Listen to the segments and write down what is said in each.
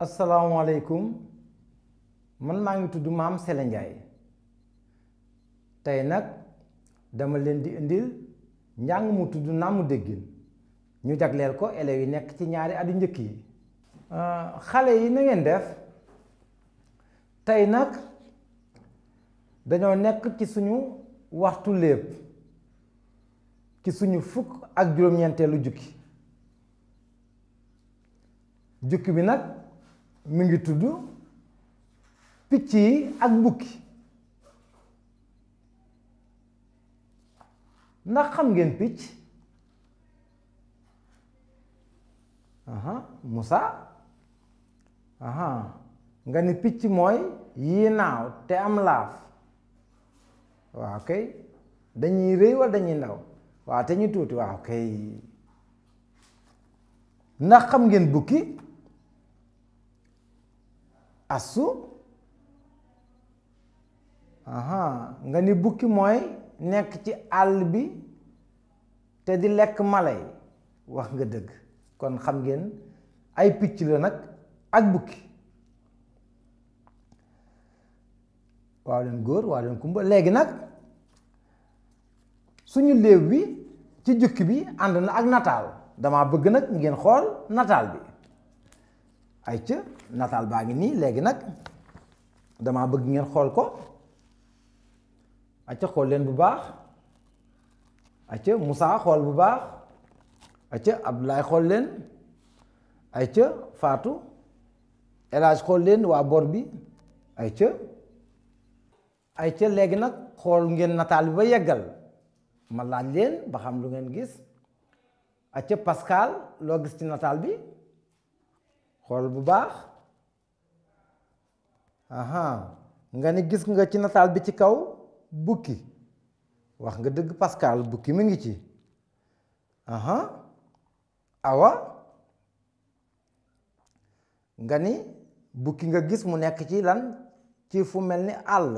asalaamaaleykum man maa ngi tudd maam Sele Ndiaye tey nag dama leen di indil njàng mu tudd nàmm déggin ñu jagleel ko élèves yi nekk ci ñaari at njëkk yi ah, xale yi na def tey nag dañoo nekk ci suñu waxtu lépp ci suñu fukk ak juróom-ñeenteelu jukki jukki bi nag mi ngi tudd picc yi ak bukki ndax xam ngeen picc aha Musa aha nga ni picc mooy yii naaw te am laaf waaw kay dañuy rëy wala dañuy ndaw waaw te ñu tuuti waaw kay ndax xam ngeen bukki assu nga ni bukki mooy nekk ci àll bi te di lekk malay wax nga dëgg kon xam ngeen ay picc la nag ak bukki waaw leen góor waaw leen kumba léegi nag suñu léew bi ci jukki bi ànd na ak nataal dama bëgg nag ngeen xool nataal bi ay ca nataal baa ngi nii léegi nag damaa bëgg ngeen xool ko acca xool leen bu baax acca Moussa xool bu baax ab Abdoulaye xool leen acca Fatou El Hadj xool leen waa bor bi ay ay acca léegi nag xool ngeen nataal bi ba yeggal ma laaj leen ba xam lu ngeen gis acca paskaal loo gis ci nataal bi xool bu baax aha nga ni gis nga ci nataal bi ci kaw bukki wax nga dëgg Pascal bukki mi ngi ci awa nga ni bukki nga gis mu nekk ci lan ci fu mel ni àll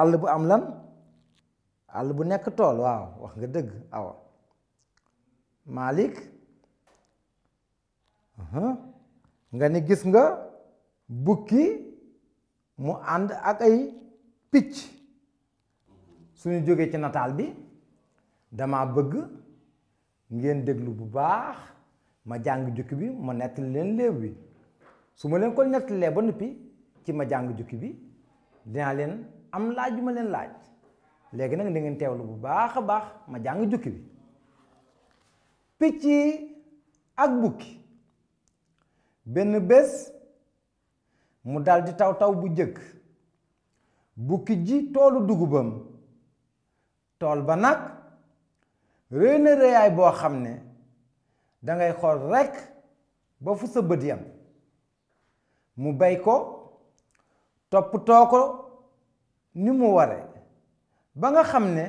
àll bu am lan àll bu nekk tool waaw wax nga dëgg awa Malik nga ni gis nga bukki mu ànd ak ay picc suñu jógee ci nataal bi dama bëgg ngeen déglu bu baax ma jàng jukki bi ma nettali leen léew bi su ma leen ko nettalee ba noppi ci ma jàng jukki bi dinaa leen am laaj bi ma leen laaj léegi nag dangeen ngeen teewlu bu baax a baax ma jàng jukki bi picc ak bukki benn bés mu daldi taw taw bu jëkk bukki ji toolu dugubam tool ba nag réy na réyaay boo xam ne dangay xool rekk ba fu sa bët yam mu bay ko toppatoo ko ni mu ware ba nga xam ne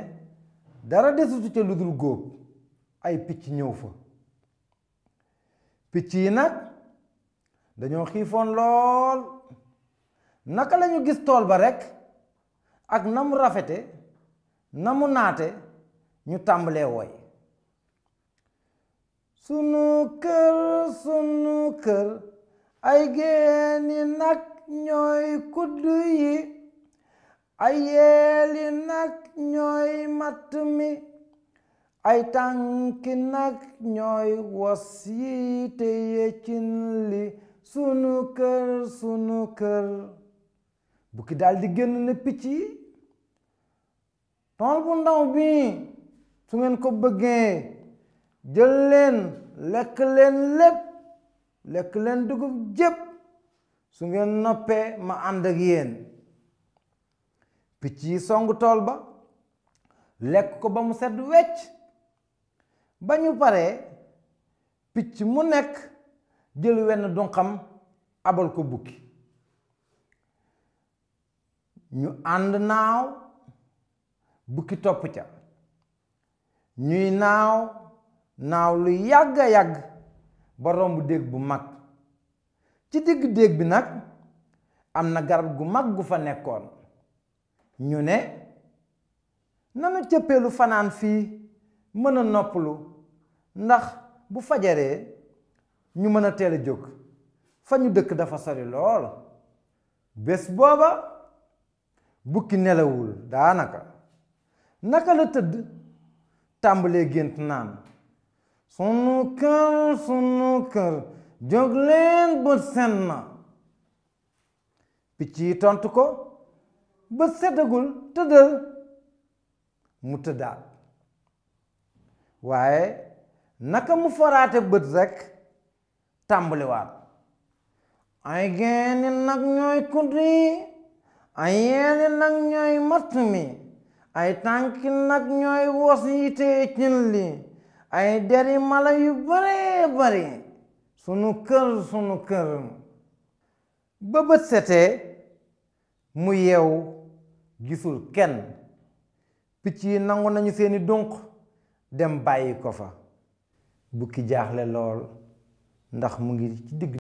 dara desutu ca lu dul góob ay picc ñëw fa picc yi nag dañoo xiifoon lool naka lañu gis tool ba rekk ak na mu rafete na mu naate ñu tàmbalee woy sunu kër sunu kër ay géeni nag ñooy kudd yi ay yeeli nag ñooy matt mi ay tànki nag ñooy wos yi te yëccin li sunu kër sunu kër bukki daldi génn ne picc yi tool bu ndaw bi su ngeen ko bëggee jël leen lekk leen lépp lekk leen dugub jépp su ngeen noppee ma ànd ak yéen picc yi song tool ba lekk ko ba mu set wecc ba ñu paree picc mu nekk jël wenn dunqam abal ko bukki ñu ànd naaw bukki topp ca ñuy naaw naaw lu yàgg a yàgg ba romb déeg bu mag ci digg déeg bi nag am na garab gu mag gu fa nekkoon ñu ne nanu cëppeelu fanaan fii mën a noppalu ndax bu fajaree ñu mën a teel a jóg fa ñu dëkk dafa sori lool bés booba bukki nelawul daanaka naka la tëdd tàmbalee gént naan sunu kër sunu kër jóg leen bët seen na picc yi tontu ko bët seddagul tëddal mu tëddaat waaye naka mu foraate bët rekk tàmbaliwaat ay geeni nag ñooy kuddi ay yeeni nag ñooy matt mi ay tànki nag ñooy wos yite cin li ay deri mala yu baree bari sunu kër sunu kër ba bët setee mu yeew gisul kenn picc yi nangu nañu seeni dunq dem bàyyi ko fa bukki jaaxle lool ndax mu ngi ci digg